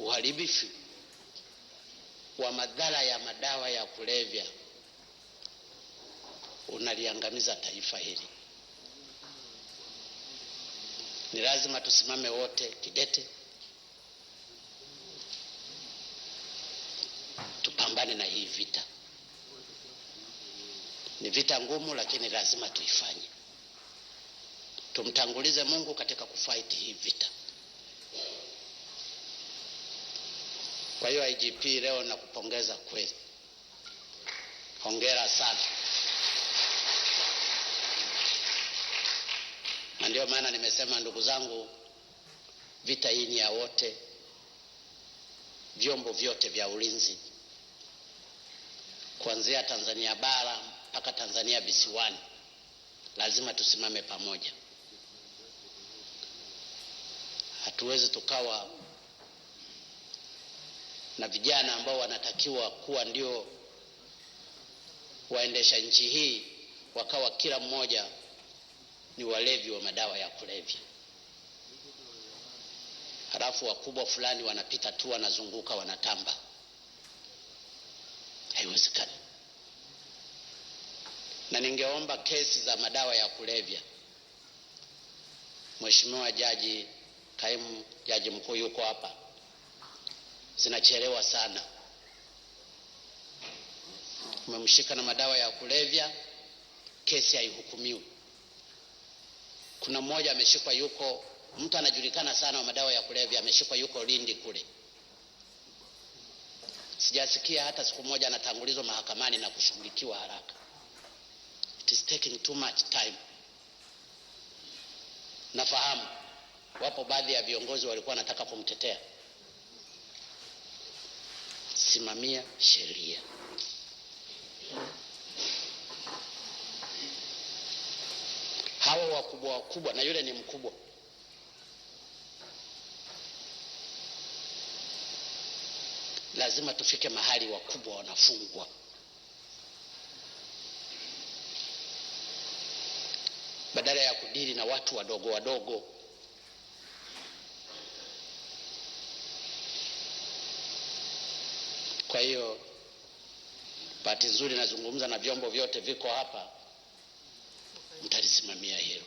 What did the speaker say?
uharibifu wa madhara ya madawa ya kulevya unaliangamiza taifa hili. Ni lazima tusimame wote kidete, tupambane na hii vita. Ni vita ngumu, lakini lazima tuifanye. Tumtangulize Mungu katika kufight hii vita. Kwa hiyo IGP, leo nakupongeza kweli, hongera sana, na ndio maana nimesema, ndugu zangu, vita hii ni ya wote, vyombo vyote vya ulinzi kuanzia Tanzania bara mpaka Tanzania visiwani, lazima tusimame pamoja. Hatuwezi tukawa na vijana ambao wanatakiwa kuwa ndio waendesha nchi hii, wakawa kila mmoja ni walevi wa madawa ya kulevya, halafu wakubwa fulani wanapita tu wanazunguka wanatamba. Haiwezekani. Na ningeomba kesi za madawa ya kulevya, Mheshimiwa Jaji Kaimu Jaji Mkuu yuko hapa zinachelewa sana. Umemshika na madawa ya kulevya, kesi haihukumiwi. Kuna mmoja ameshikwa, yuko mtu anajulikana sana wa madawa ya kulevya, ameshikwa yuko Lindi kule, sijasikia hata siku moja anatangulizwa mahakamani na kushughulikiwa haraka. It is taking too much time. Nafahamu wapo baadhi ya viongozi walikuwa wanataka kumtetea kusimamia sheria. Hawa wakubwa wakubwa, na yule ni mkubwa, lazima tufike mahali wakubwa wanafungwa. badala ya kudili na watu wadogo wadogo. Kwa hiyo bahati nzuri nazungumza na vyombo vyote viko hapa, mtalisimamia hilo.